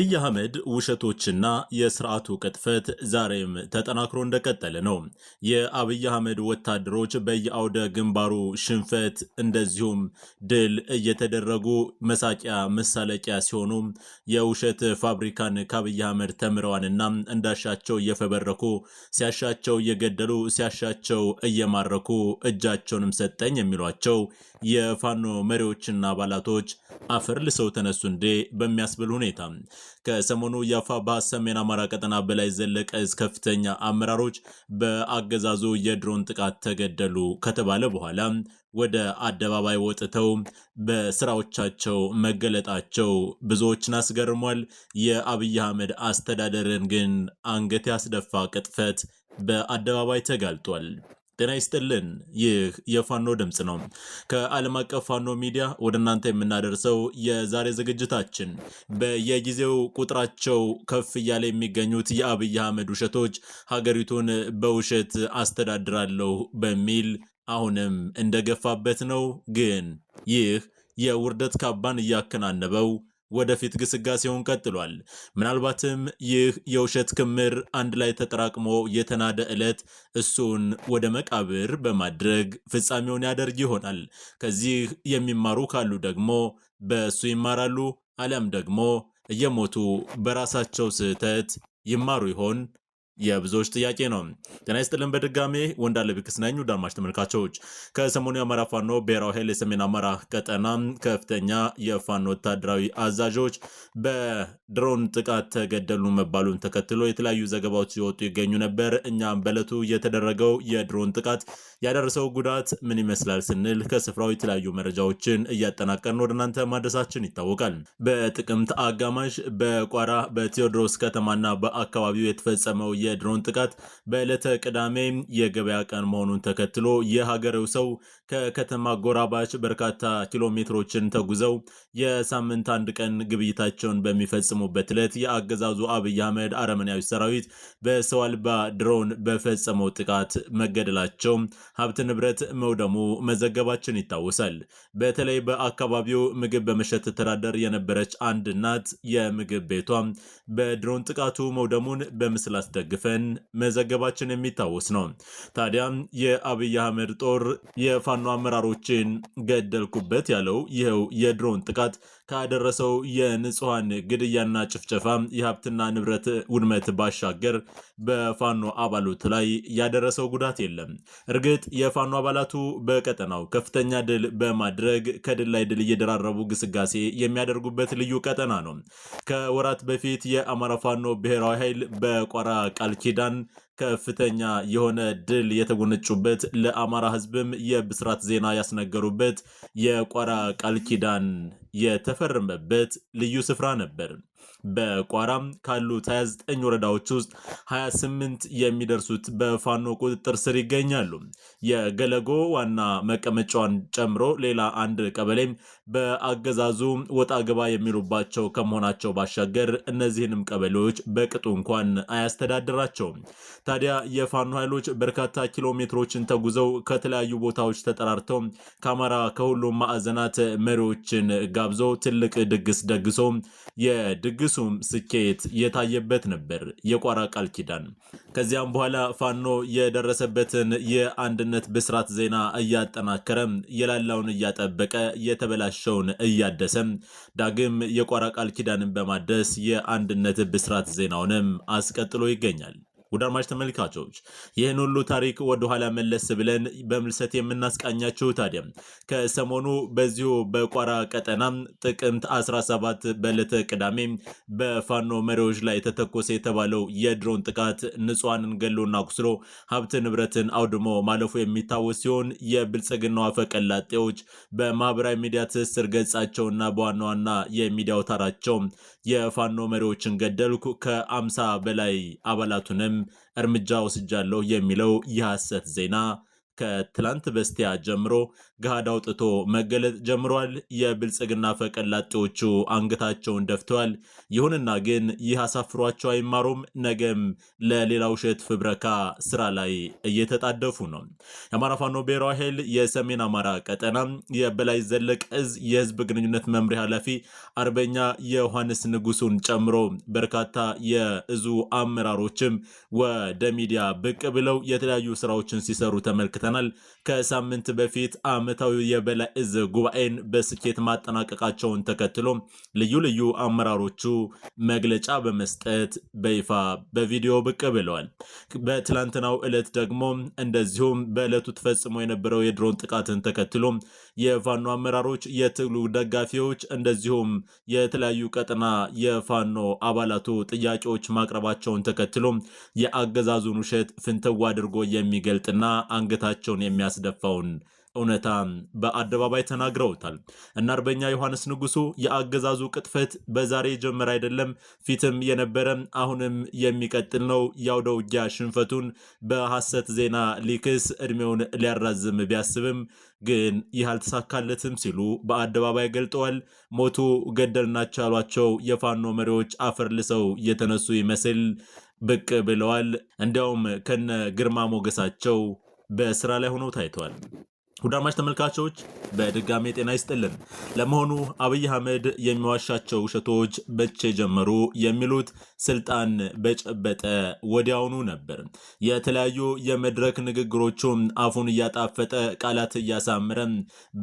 የአብይ አህመድ ውሸቶችና የስርዓቱ ቅጥፈት ዛሬም ተጠናክሮ እንደቀጠለ ነው። የአብይ አህመድ ወታደሮች በየአውደ ግንባሩ ሽንፈት፣ እንደዚሁም ድል እየተደረጉ መሳቂያ መሳለቂያ ሲሆኑ የውሸት ፋብሪካን ከአብይ አህመድ ተምረዋንና እንዳሻቸው እየፈበረኩ ሲያሻቸው እየገደሉ ሲያሻቸው እየማረኩ እጃቸውንም ሰጠኝ የሚሏቸው የፋኖ መሪዎችና አባላቶች አፈር ልሰው ተነሱ እንዴ በሚያስብል ሁኔታ ከሰሞኑ የአፋባ ሰሜን አማራ ቀጠና በላይ ዘለቀ እስከ ከፍተኛ አመራሮች በአገዛዙ የድሮን ጥቃት ተገደሉ ከተባለ በኋላ ወደ አደባባይ ወጥተው በስራዎቻቸው መገለጣቸው ብዙዎችን አስገርሟል። የአብይ አህመድ አስተዳደርን ግን አንገት ያስደፋ ቅጥፈት በአደባባይ ተጋልጧል። ጤና ይስጥልን። ይህ የፋኖ ድምፅ ነው። ከዓለም አቀፍ ፋኖ ሚዲያ ወደ እናንተ የምናደርሰው የዛሬ ዝግጅታችን በየጊዜው ቁጥራቸው ከፍ እያለ የሚገኙት የአብይ አህመድ ውሸቶች ሀገሪቱን በውሸት አስተዳድራለሁ በሚል አሁንም እንደገፋበት ነው። ግን ይህ የውርደት ካባን እያከናነበው ወደፊት ግስጋሴውን ቀጥሏል። ምናልባትም ይህ የውሸት ክምር አንድ ላይ ተጠራቅሞ የተናደ ዕለት እሱን ወደ መቃብር በማድረግ ፍጻሜውን ያደርግ ይሆናል። ከዚህ የሚማሩ ካሉ ደግሞ በእሱ ይማራሉ፣ አሊያም ደግሞ እየሞቱ በራሳቸው ስህተት ይማሩ ይሆን? የብዙዎች ጥያቄ ነው። ጤና ይስጥልን በድጋሜ ወንዳለ ቢክስ ነኝ። ውድ ተመልካቾች ከሰሞኑ የአማራ ፋኖ ብሔራዊ ኃይል የሰሜን አማራ ቀጠና ከፍተኛ የፋኖ ወታደራዊ አዛዦች በድሮን ጥቃት ተገደሉ መባሉን ተከትሎ የተለያዩ ዘገባዎች ሲወጡ ይገኙ ነበር። እኛም በዕለቱ የተደረገው የድሮን ጥቃት ያደረሰው ጉዳት ምን ይመስላል ስንል ከስፍራው የተለያዩ መረጃዎችን እያጠናቀርን ወደ እናንተ ማድረሳችን ይታወቃል። በጥቅምት አጋማሽ በቋራ በቴዎድሮስ ከተማና በአካባቢው የተፈጸመው የድሮን ጥቃት በዕለተ ቅዳሜ የገበያ ቀን መሆኑን ተከትሎ የሀገሬው ሰው ከከተማ ጎራባች በርካታ ኪሎ ሜትሮችን ተጉዘው የሳምንት አንድ ቀን ግብይታቸውን በሚፈጽሙበት ዕለት የአገዛዙ አብይ አህመድ አረመኔያዊ ሰራዊት በሰው አልባ ድሮን በፈጸመው ጥቃት መገደላቸው፣ ሀብት ንብረት መውደሙ መዘገባችን ይታወሳል። በተለይ በአካባቢው ምግብ በመሸጥ ትተዳደር የነበረች አንድ እናት የምግብ ቤቷ በድሮን ጥቃቱ መውደሙን በምስል አስደግፋ ደግፈን መዘገባችን የሚታወስ ነው። ታዲያም የአብይ አህመድ ጦር የፋኖ አመራሮችን ገደልኩበት ያለው ይኸው የድሮን ጥቃት ካደረሰው የንጹሐን ግድያና ጭፍጨፋ የሀብትና ንብረት ውድመት ባሻገር በፋኖ አባሎት ላይ ያደረሰው ጉዳት የለም። እርግጥ የፋኖ አባላቱ በቀጠናው ከፍተኛ ድል በማድረግ ከድል ላይ ድል እየደራረቡ ግስጋሴ የሚያደርጉበት ልዩ ቀጠና ነው። ከወራት በፊት የአማራ ፋኖ ብሔራዊ ኃይል በቋራ ቃል ቃል ኪዳን ከፍተኛ የሆነ ድል የተጎነጩበት ለአማራ ህዝብም የብስራት ዜና ያስነገሩበት የቋራ ቃል ኪዳን የተፈረመበት ልዩ ስፍራ ነበር። በቋራም ካሉት 29 ወረዳዎች ውስጥ 28 የሚደርሱት በፋኖ ቁጥጥር ስር ይገኛሉ። የገለጎ ዋና መቀመጫዋን ጨምሮ ሌላ አንድ ቀበሌም በአገዛዙ ወጣ ገባ የሚሉባቸው ከመሆናቸው ባሻገር እነዚህንም ቀበሌዎች በቅጡ እንኳን አያስተዳድራቸውም። ታዲያ የፋኖ ኃይሎች በርካታ ኪሎ ሜትሮችን ተጉዘው ከተለያዩ ቦታዎች ተጠራርተው ከአማራ ከሁሉም ማዕዘናት መሪዎችን ጋብዞ ትልቅ ድግስ ደግሶ የድግሱም ስኬት የታየበት ነበር። የቋራ ቃል ኪዳን ከዚያም በኋላ ፋኖ የደረሰበትን የአንድነት ብስራት ዜና እያጠናከረ የላላውን እያጠበቀ የተበላሸውን እያደሰ ዳግም የቋራ ቃል ኪዳንን በማደስ የአንድነት ብስራት ዜናውንም አስቀጥሎ ይገኛል። ውድ አድማጭ ተመልካቾች ይህን ሁሉ ታሪክ ወደኋላ መለስ ብለን በምልሰት የምናስቃኛችሁ ታዲያ ከሰሞኑ በዚሁ በቋራ ቀጠና ጥቅምት 17 በዕለተ ቅዳሜ በፋኖ መሪዎች ላይ ተተኮሰ የተባለው የድሮን ጥቃት ንጹሐንን ገሎና ቁስሎ ሀብት ንብረትን አውድሞ ማለፉ የሚታወስ ሲሆን የብልጽግናው አፈቀላጤዎች በማህበራዊ ሚዲያ ትስስር ገጻቸውና በዋና ዋና የሚዲያ አውታራቸው የፋኖ መሪዎችን ገደልኩ ከአምሳ በላይ አባላቱንም እርምጃ ወስጃለሁ የሚለው የሐሰት ዜና ከትላንት በስቲያ ጀምሮ ገሃድ አውጥቶ መገለጥ ጀምሯል። የብልጽግና ፈቀላጤዎቹ አንገታቸውን ደፍተዋል። ይሁንና ግን ይህ አሳፍሯቸው አይማሩም። ነገም ለሌላ ውሸት ፍብረካ ስራ ላይ እየተጣደፉ ነው። የአማራ ፋኖ ብሔራዊ ኃይል የሰሜን አማራ ቀጠና የበላይ ዘለቀ እዝ የህዝብ ግንኙነት መምሪያ ኃላፊ አርበኛ የዮሐንስ ንጉሱን ጨምሮ በርካታ የእዙ አመራሮችም ወደ ሚዲያ ብቅ ብለው የተለያዩ ስራዎችን ሲሰሩ ተመልክተናል። ከሳምንት በፊት አመ ዓመታዊ የበላይ እዝ ጉባኤን በስኬት ማጠናቀቃቸውን ተከትሎ ልዩ ልዩ አመራሮቹ መግለጫ በመስጠት በይፋ በቪዲዮ ብቅ ብለዋል። በትላንትናው ዕለት ደግሞ እንደዚሁም በዕለቱ ተፈጽሞ የነበረው የድሮን ጥቃትን ተከትሎ የፋኖ አመራሮች፣ የትግሉ ደጋፊዎች እንደዚሁም የተለያዩ ቀጠና የፋኖ አባላቱ ጥያቄዎች ማቅረባቸውን ተከትሎ የአገዛዙን ውሸት ፍንትው አድርጎ የሚገልጥና አንገታቸውን የሚያስደፋውን እውነታ በአደባባይ ተናግረውታል እና አርበኛ ዮሐንስ ንጉሱ የአገዛዙ ቅጥፈት በዛሬ ጀመረ አይደለም፣ ፊትም የነበረ አሁንም የሚቀጥል ነው። ያውደ ውጊያ ሽንፈቱን በሐሰት ዜና ሊክስ እድሜውን ሊያራዝም ቢያስብም ግን ይህ አልተሳካለትም ሲሉ በአደባባይ ገልጠዋል። ሞቱ ገደልናቸው ያሏቸው የፋኖ መሪዎች አፈር ልሰው የተነሱ ይመስል ብቅ ብለዋል። እንዲያውም ከነ ግርማ ሞገሳቸው በስራ ላይ ሆነው ታይተዋል። ጉዳማሽ ተመልካቾች በድጋሜ ጤና ይስጥልን። ለመሆኑ አብይ አህመድ የሚዋሻቸው ውሸቶች በቼ ጀመሩ የሚሉት ስልጣን በጨበጠ ወዲያውኑ ነበር። የተለያዩ የመድረክ ንግግሮቹም አፉን እያጣፈጠ ቃላት እያሳመረ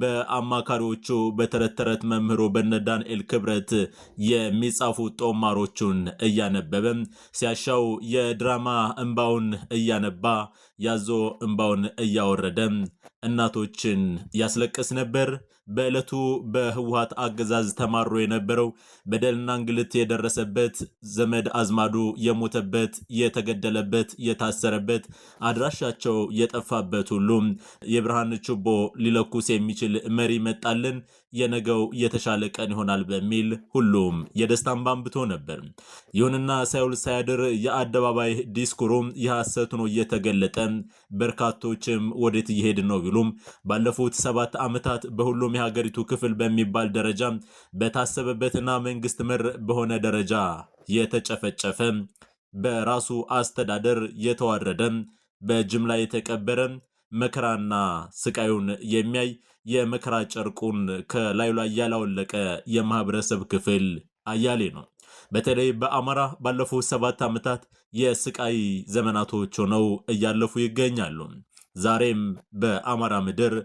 በአማካሪዎቹ በተረት ተረት መምህሩ በነ ዳንኤል ክብረት የሚጻፉ ጦማሮቹን እያነበበ ሲያሻው የድራማ እንባውን እያነባ ያዞ እንባውን እያወረደ እናቶችን ያስለቅስ ነበር። በዕለቱ በህወሀት አገዛዝ ተማሮ የነበረው በደልና እንግልት የደረሰበት ዘመድ አዝማዱ የሞተበት፣ የተገደለበት፣ የታሰረበት፣ አድራሻቸው የጠፋበት ሁሉም የብርሃን ችቦ ሊለኩስ የሚችል መሪ መጣልን፣ የነገው የተሻለ ቀን ይሆናል በሚል ሁሉም የደስታ እንባ አንብቶ ነበር። ይሁንና ሳይውል ሳያድር የአደባባይ ዲስኩሩም የሐሰት ሆኖ እየተገለጠ በርካቶችም ወዴት እየሄድን ነው ቢሉም ባለፉት ሰባት ዓመታት በሁሉም የሀገሪቱ ክፍል በሚባል ደረጃ በታሰበበትና መንግስት መር በሆነ ደረጃ የተጨፈጨፈ በራሱ አስተዳደር የተዋረደ በጅምላ የተቀበረ መከራና ስቃዩን የሚያይ የመከራ ጨርቁን ከላዩ ላይ ያላወለቀ የማህበረሰብ ክፍል አያሌ ነው። በተለይ በአማራ ባለፉት ሰባት ዓመታት የስቃይ ዘመናቶች ሆነው እያለፉ ይገኛሉ። ዛሬም በአማራ ምድር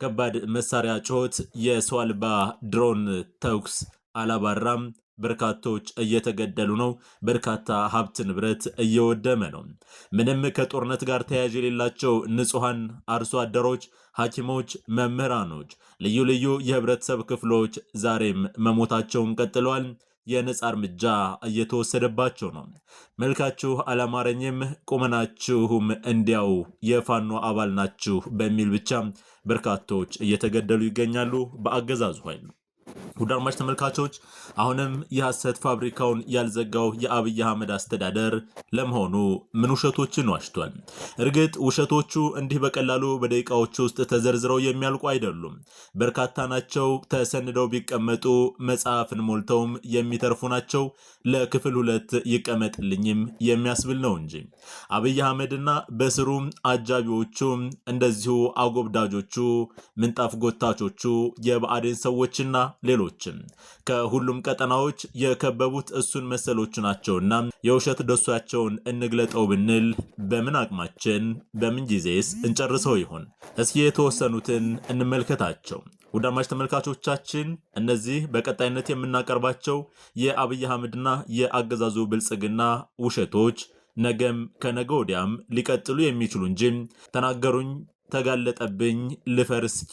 ከባድ መሳሪያ ጩኸት፣ የሰው አልባ ድሮን ተኩስ አላባራም። በርካቶች እየተገደሉ ነው። በርካታ ሀብት ንብረት እየወደመ ነው። ምንም ከጦርነት ጋር ተያያዥ የሌላቸው ንጹሐን አርሶ አደሮች፣ ሐኪሞች፣ መምህራኖች፣ ልዩ ልዩ የህብረተሰብ ክፍሎች ዛሬም መሞታቸውን ቀጥለዋል። የነጻ እርምጃ እየተወሰደባቸው ነው። መልካችሁ አላማረኝም፣ ቁመናችሁም እንዲያው የፋኖ አባል ናችሁ በሚል ብቻ በርካቶች እየተገደሉ ይገኛሉ በአገዛዙ ኃይል ነው። ውድ አድማጭ ተመልካቾች አሁንም የሐሰት ፋብሪካውን ያልዘጋው የአብይ አህመድ አስተዳደር ለመሆኑ ምን ውሸቶችን ዋሽቷል? እርግጥ ውሸቶቹ እንዲህ በቀላሉ በደቂቃዎች ውስጥ ተዘርዝረው የሚያልቁ አይደሉም። በርካታ ናቸው። ተሰንደው ቢቀመጡ መጽሐፍን ሞልተውም የሚተርፉ ናቸው። ለክፍል ሁለት ይቀመጥልኝም የሚያስብል ነው እንጂ አብይ አህመድና በስሩም አጃቢዎቹም እንደዚሁ አጎብዳጆቹ፣ ምንጣፍ ጎታቾቹ፣ የብአዴን ሰዎችና ሌሎች ኃይሎችም ከሁሉም ቀጠናዎች የከበቡት እሱን መሰሎቹ ናቸውና የውሸት ደሷቸውን እንግለጠው ብንል በምን አቅማችን በምን ጊዜስ እንጨርሰው ይሆን? እስኪ የተወሰኑትን እንመልከታቸው። ውድ ተመልካቾቻችን እነዚህ በቀጣይነት የምናቀርባቸው የአብይ አህመድና የአገዛዙ ብልጽግና ውሸቶች ነገም ከነገ ወዲያም ሊቀጥሉ የሚችሉ እንጂ ተናገሩኝ ተጋለጠብኝ ልፈርስኪ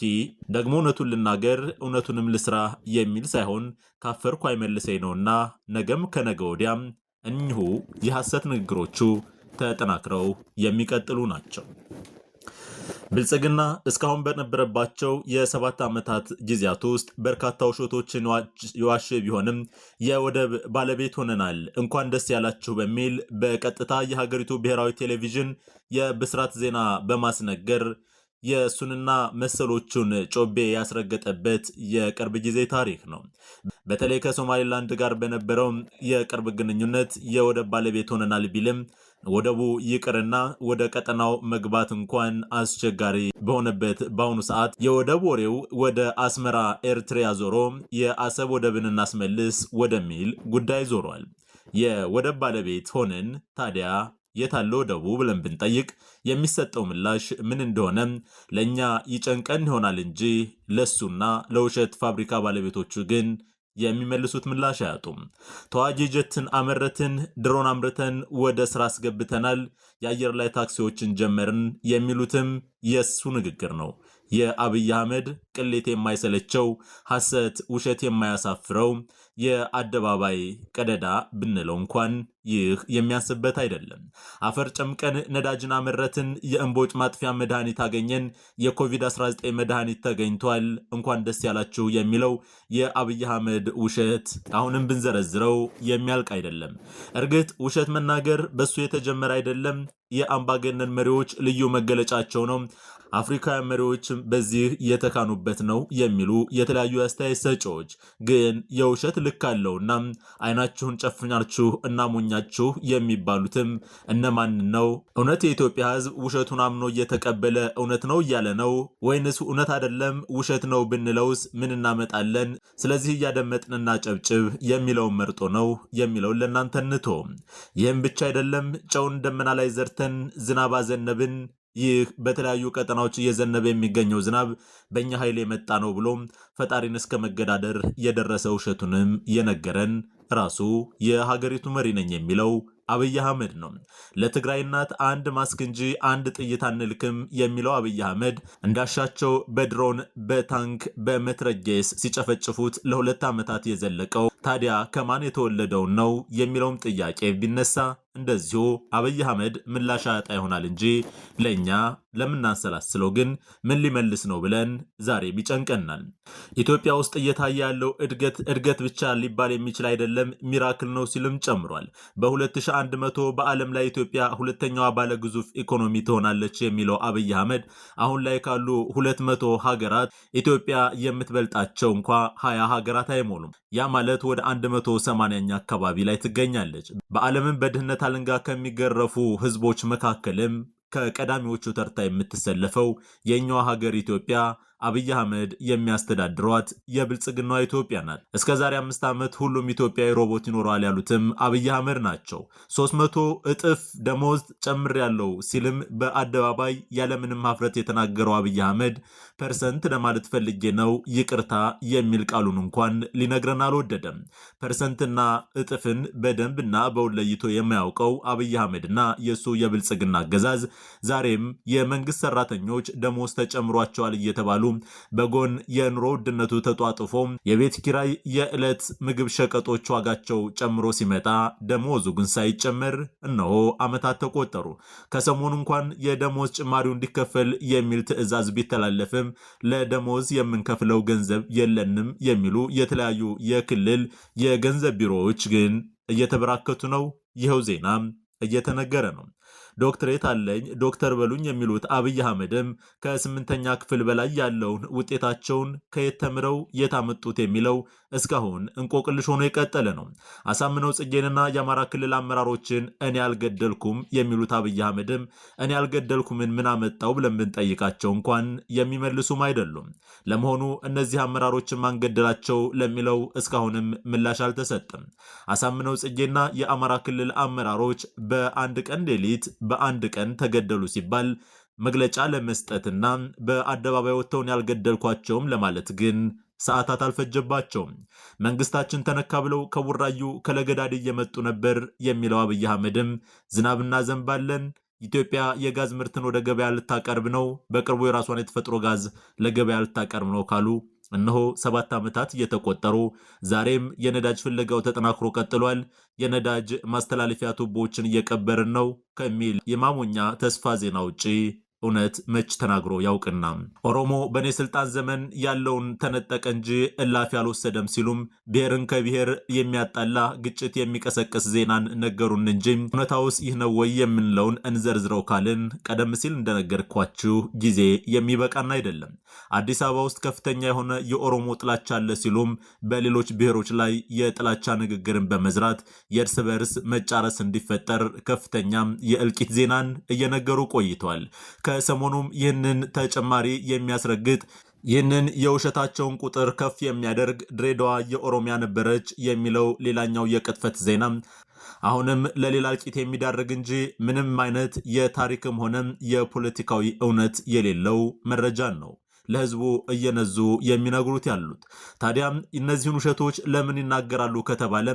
ደግሞ እውነቱን ልናገር እውነቱንም ልስራ የሚል ሳይሆን ካፈርኩ አይመልሰኝ ነውና ነገም ከነገ ወዲያም እኚሁ የሐሰት ንግግሮቹ ተጠናክረው የሚቀጥሉ ናቸው። ብልጽግና እስካሁን በነበረባቸው የሰባት ዓመታት ጊዜያት ውስጥ በርካታ ውሸቶችን የዋሸ ቢሆንም የወደብ ባለቤት ሆነናል እንኳን ደስ ያላችሁ በሚል በቀጥታ የሀገሪቱ ብሔራዊ ቴሌቪዥን የብስራት ዜና በማስነገር የእሱንና መሰሎቹን ጮቤ ያስረገጠበት የቅርብ ጊዜ ታሪክ ነው። በተለይ ከሶማሌላንድ ጋር በነበረው የቅርብ ግንኙነት የወደብ ባለቤት ሆነናል ቢልም ወደቡ ይቅርና ወደ ቀጠናው መግባት እንኳን አስቸጋሪ በሆነበት በአሁኑ ሰዓት የወደብ ወሬው ወደ አስመራ ኤርትሪያ ዞሮ የአሰብ ወደብን እናስመልስ ወደሚል ጉዳይ ዞሯል። የወደብ ባለቤት ሆነን ታዲያ አለው ደቡብ ብለን ብንጠይቅ የሚሰጠው ምላሽ ምን እንደሆነ ለእኛ ይጨንቀን ይሆናል እንጂ ለሱና ለውሸት ፋብሪካ ባለቤቶቹ ግን የሚመልሱት ምላሽ አያጡም። ተዋጊ ጀትን አመረትን፣ ድሮን አምርተን ወደ ስራ አስገብተናል፣ የአየር ላይ ታክሲዎችን ጀመርን የሚሉትም የሱ ንግግር ነው። የአብይ አህመድ ቅሌት የማይሰለቸው ሐሰት፣ ውሸት የማያሳፍረው የአደባባይ ቀደዳ ብንለው እንኳን ይህ የሚያንስበት አይደለም። አፈር ጨምቀን ነዳጅን አመረትን፣ የእንቦጭ ማጥፊያ መድኃኒት አገኘን፣ የኮቪድ-19 መድኃኒት ተገኝቷል፣ እንኳን ደስ ያላችሁ የሚለው የአብይ አህመድ ውሸት አሁንም ብንዘረዝረው የሚያልቅ አይደለም። እርግጥ ውሸት መናገር በሱ የተጀመረ አይደለም። የአምባገነን መሪዎች ልዩ መገለጫቸው ነው። አፍሪካውያን መሪዎችም በዚህ የተካኑበት ነው የሚሉ የተለያዩ አስተያየት ሰጪዎች ግን የውሸት ልክ አለውና አይናችሁን ጨፍኛችሁ እናሞኛችሁ የሚባሉትም እነማን ነው? እውነት የኢትዮጵያ ህዝብ ውሸቱን አምኖ እየተቀበለ እውነት ነው እያለ ነው ወይንስ እውነት አይደለም ውሸት ነው ብንለውስ ምን እናመጣለን? ስለዚህ እያደመጥንና ጨብጭብ የሚለውን መርጦ ነው የሚለውን ለእናንተ እንቶ ይህም ብቻ አይደለም ጨውን ደመና ላይ ዘርተን ዝናብ አዘነብን ይህ በተለያዩ ቀጠናዎች እየዘነበ የሚገኘው ዝናብ በእኛ ኃይል የመጣ ነው ብሎ ፈጣሪን እስከ መገዳደር የደረሰ ውሸቱንም የነገረን ራሱ የሀገሪቱ መሪ ነኝ የሚለው አብይ አህመድ ነው። ለትግራይ እናት አንድ ማስክ እንጂ አንድ ጥይት አንልክም የሚለው አብይ አህመድ እንዳሻቸው በድሮን በታንክ በመትረጌስ ሲጨፈጭፉት ለሁለት ዓመታት የዘለቀው ታዲያ ከማን የተወለደውን ነው የሚለውም ጥያቄ ቢነሳ እንደዚሁ አብይ አህመድ ምላሽ አያጣ ይሆናል እንጂ ለእኛ ለምናንሰላስለው ግን ምን ሊመልስ ነው ብለን ዛሬም ይጨንቀናል። ኢትዮጵያ ውስጥ እየታየ ያለው እድገት እድገት ብቻ ሊባል የሚችል አይደለም፣ ሚራክል ነው ሲልም ጨምሯል። በ2100 በዓለም ላይ ኢትዮጵያ ሁለተኛዋ ባለ ግዙፍ ኢኮኖሚ ትሆናለች የሚለው አብይ አህመድ አሁን ላይ ካሉ 200 ሀገራት ኢትዮጵያ የምትበልጣቸው እንኳ 20 ሀገራት አይሞሉም። ያ ማለት ወደ 180ኛ አካባቢ ላይ ትገኛለች። በዓለምን በድህነት የሹመት አለንጋ ከሚገረፉ ህዝቦች መካከልም ከቀዳሚዎቹ ተርታ የምትሰለፈው የእኛዋ ሀገር ኢትዮጵያ አብይ አህመድ የሚያስተዳድሯት የብልጽግናዋ ኢትዮጵያ ናት። እስከ ዛሬ አምስት ዓመት ሁሉም ኢትዮጵያዊ ሮቦት ይኖረዋል ያሉትም አብይ አህመድ ናቸው። ሶስት መቶ እጥፍ ደሞዝ ጨምር ያለው ሲልም በአደባባይ ያለምንም ሀፍረት የተናገረው አብይ አህመድ ፐርሰንት ለማለት ፈልጌ ነው ይቅርታ የሚል ቃሉን እንኳን ሊነግረን አልወደደም። ፐርሰንትና እጥፍን በደንብና በውል ለይቶ የማያውቀው አብይ አህመድና የእሱ የብልጽግና አገዛዝ ዛሬም የመንግስት ሰራተኞች ደሞዝ ተጨምሯቸዋል እየተባሉ በጎን የኑሮ ውድነቱ ተጧጥፎ የቤት ኪራይ፣ የዕለት ምግብ ሸቀጦች ዋጋቸው ጨምሮ ሲመጣ ደሞዙ ግን ሳይጨምር እነሆ ዓመታት ተቆጠሩ። ከሰሞኑ እንኳን የደሞዝ ጭማሪው እንዲከፈል የሚል ትዕዛዝ ቢተላለፍም ለደሞዝ የምንከፍለው ገንዘብ የለንም የሚሉ የተለያዩ የክልል የገንዘብ ቢሮዎች ግን እየተበራከቱ ነው። ይኸው ዜና እየተነገረ ነው። ዶክትሬት አለኝ ዶክተር በሉኝ የሚሉት አብይ አህመድም ከስምንተኛ ክፍል በላይ ያለውን ውጤታቸውን ከየት ተምረው የት አመጡት የሚለው እስካሁን እንቆቅልሽ ሆኖ የቀጠለ ነው። አሳምነው ጽጌንና የአማራ ክልል አመራሮችን እኔ አልገደልኩም የሚሉት አብይ አህመድም እኔ አልገደልኩምን ምን አመጣው ብለን ብንጠይቃቸው እንኳን የሚመልሱም አይደሉም። ለመሆኑ እነዚህ አመራሮችን ማንገደላቸው ለሚለው እስካሁንም ምላሽ አልተሰጥም። አሳምነው ጽጌና የአማራ ክልል አመራሮች በአንድ ቀን ሌሊት በአንድ ቀን ተገደሉ ሲባል መግለጫ ለመስጠትና በአደባባይ ወጥተውን ያልገደልኳቸውም ለማለት ግን ሰዓታት አልፈጀባቸውም። መንግስታችን ተነካ ብለው ከቡራዩ ከለገዳድ እየመጡ ነበር የሚለው አብይ አህመድም ዝናብ እናዘንባለን ኢትዮጵያ የጋዝ ምርትን ወደ ገበያ ልታቀርብ ነው፣ በቅርቡ የራሷን የተፈጥሮ ጋዝ ለገበያ ልታቀርብ ነው ካሉ እነሆ ሰባት ዓመታት እየተቆጠሩ ዛሬም የነዳጅ ፍለጋው ተጠናክሮ ቀጥሏል። የነዳጅ ማስተላለፊያ ቱቦዎችን እየቀበርን ነው ከሚል የማሞኛ ተስፋ ዜና ውጪ እውነት መች ተናግሮ ያውቅና ኦሮሞ በእኔ ስልጣን ዘመን ያለውን ተነጠቀ እንጂ እላፊ አልወሰደም ሲሉም ብሔርን ከብሔር የሚያጣላ ግጭት የሚቀሰቅስ ዜናን ነገሩን እንጂ እውነታውስ ይህ ነው ወይ የምንለውን እንዘርዝረው ካልን ቀደም ሲል እንደነገርኳችሁ ጊዜ የሚበቃን አይደለም። አዲስ አበባ ውስጥ ከፍተኛ የሆነ የኦሮሞ ጥላቻ አለ ሲሉም በሌሎች ብሔሮች ላይ የጥላቻ ንግግርን በመዝራት የእርስ በርስ መጫረስ እንዲፈጠር ከፍተኛም የእልቂት ዜናን እየነገሩ ቆይቷል። ከሰሞኑም ይህንን ተጨማሪ የሚያስረግጥ ይህንን የውሸታቸውን ቁጥር ከፍ የሚያደርግ ድሬዳዋ የኦሮሚያ ነበረች የሚለው ሌላኛው የቅጥፈት ዜና አሁንም ለሌላ እልቂት የሚዳርግ እንጂ ምንም አይነት የታሪክም ሆነም የፖለቲካዊ እውነት የሌለው መረጃን ነው። ለህዝቡ እየነዙ የሚነግሩት ያሉት። ታዲያም እነዚህን ውሸቶች ለምን ይናገራሉ ከተባለ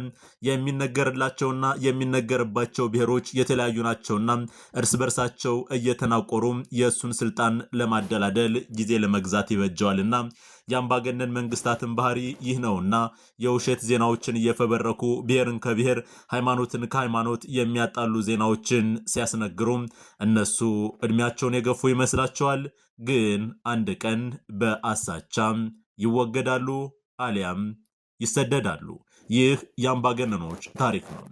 የሚነገርላቸውና የሚነገርባቸው ብሔሮች የተለያዩ ናቸውና እርስ በርሳቸው እየተናቆሩ የእሱን ስልጣን ለማደላደል ጊዜ ለመግዛት ይበጀዋልና የአምባገነን መንግስታትን ባህሪ ይህ ነውና የውሸት ዜናዎችን እየፈበረኩ ብሔርን ከብሔር ሃይማኖትን ከሃይማኖት የሚያጣሉ ዜናዎችን ሲያስነግሩ እነሱ ዕድሜያቸውን የገፉ ይመስላቸዋል። ግን አንድ ቀን በአሳቻም ይወገዳሉ አሊያም ይሰደዳሉ። ይህ የአምባገነኖች ታሪክ ነው።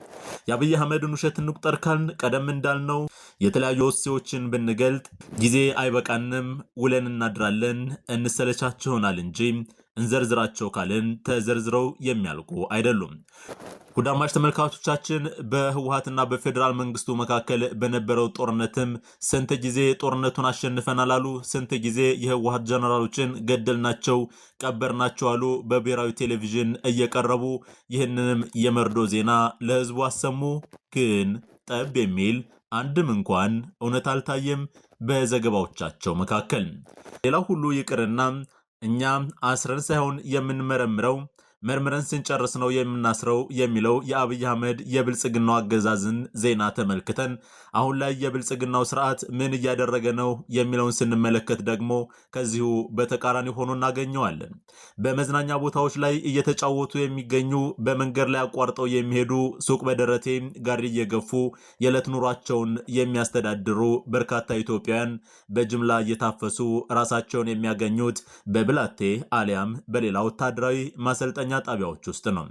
የአብይ አህመድን ውሸት እንቁጠር ካልን ቀደም እንዳልነው የተለያዩ ወሴዎችን ብንገልጥ ጊዜ አይበቃንም፣ ውለን እናድራለን፣ እንሰለቻቸው ይሆናል እንጂ እንዘርዝራቸው ካልን ተዘርዝረው የሚያልቁ አይደሉም። ጉዳማሽ ተመልካቾቻችን በህወሀትና በፌዴራል መንግስቱ መካከል በነበረው ጦርነትም ስንት ጊዜ ጦርነቱን አሸንፈናል አሉ፣ ስንት ጊዜ የህወሀት ጀነራሎችን ገደልናቸው፣ ቀበርናቸው አሉ በብሔራዊ ቴሌቪዥን እየቀረቡ ይህንንም የመርዶ ዜና ለህዝቡ አሰሙ። ግን ጠብ የሚል አንድም እንኳን እውነት አልታየም በዘገባዎቻቸው መካከል። ሌላው ሁሉ ይቅርና እኛ አስረን ሳይሆን የምንመረምረው መርምረን ስንጨርስ ነው የምናስረው የሚለው የአብይ አህመድ የብልጽግናው አገዛዝን ዜና ተመልክተን አሁን ላይ የብልጽግናው ስርዓት ምን እያደረገ ነው የሚለውን ስንመለከት ደግሞ ከዚሁ በተቃራኒ ሆኖ እናገኘዋለን። በመዝናኛ ቦታዎች ላይ እየተጫወቱ የሚገኙ በመንገድ ላይ አቋርጠው የሚሄዱ ሱቅ በደረቴ ጋሪ እየገፉ የዕለት ኑሯቸውን የሚያስተዳድሩ በርካታ ኢትዮጵያውያን በጅምላ እየታፈሱ ራሳቸውን የሚያገኙት በብላቴ አሊያም በሌላ ወታደራዊ ማሰልጠኛ ጣቢያዎች ውስጥ ነው።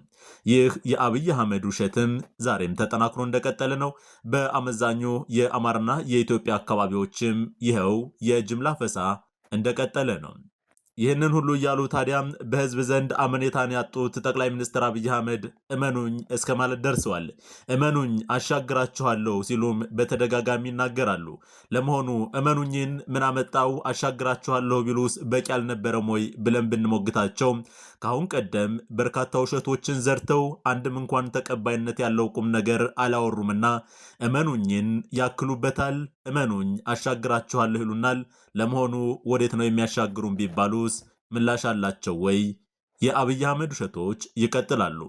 ይህ የአብይ አህመድ ውሸትም ዛሬም ተጠናክሮ እንደቀጠለ ነው። በአመዛኙ የአማርና የኢትዮጵያ አካባቢዎችም ይኸው የጅምላ ፈሳ እንደቀጠለ ነው። ይህንን ሁሉ እያሉ ታዲያም በህዝብ ዘንድ አመኔታን ያጡት ጠቅላይ ሚኒስትር አብይ አህመድ እመኑኝ እስከ ማለት ደርሰዋል። እመኑኝ አሻግራችኋለሁ ሲሉም በተደጋጋሚ ይናገራሉ። ለመሆኑ እመኑኝን ምን አመጣው አሻግራችኋለሁ ቢሉስ በቂ አልነበረም ወይ ብለን ብንሞግታቸው ከአሁን ቀደም በርካታ ውሸቶችን ዘርተው አንድም እንኳን ተቀባይነት ያለው ቁም ነገር አላወሩምና እመኑኝን ያክሉበታል፣ እመኑኝ አሻግራችኋለሁ ይሉናል። ለመሆኑ ወዴት ነው የሚያሻግሩን ቢባሉስ ምላሽ አላቸው ወይ? የአብይ አህመድ ውሸቶች ይቀጥላሉ።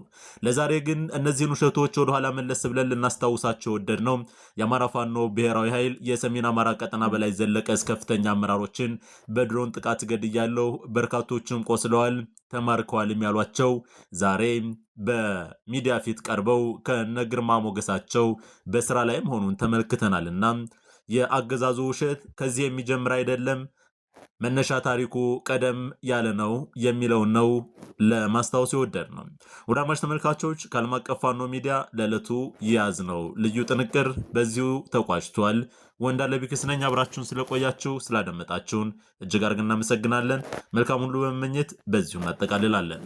ለዛሬ ግን እነዚህን ውሸቶች ወደኋላ መለስ ብለን ልናስታውሳቸው ወደድ ነው። የአማራ ፋኖ ብሔራዊ ኃይል የሰሜን አማራ ቀጠና በላይ ዘለቀ ከፍተኛ አመራሮችን በድሮን ጥቃት ገድያለሁ፣ በርካቶችን ቆስለዋል፣ ተማርከዋልም ያሏቸው ዛሬ በሚዲያ ፊት ቀርበው ከነግርማ ሞገሳቸው በስራ ላይም ሆኑን ተመልክተናልና የአገዛዙ ውሸት ከዚህ የሚጀምር አይደለም። መነሻ ታሪኩ ቀደም ያለ ነው የሚለውን ነው ለማስታወስ የወደድ ነው። ወደ ተመልካቾች ከዓለም አቀፍ ፋኖ ሚዲያ ለዕለቱ ይያዝ ነው ልዩ ጥንቅር በዚሁ ተቋጭቷል። ወንዳ ቢክስ ነኝ። አብራችሁን ስለቆያችሁ ስላደመጣችሁን እጅግ አድርገን እናመሰግናለን። መልካም ሁሉ በመመኘት በዚሁ እናጠቃልላለን።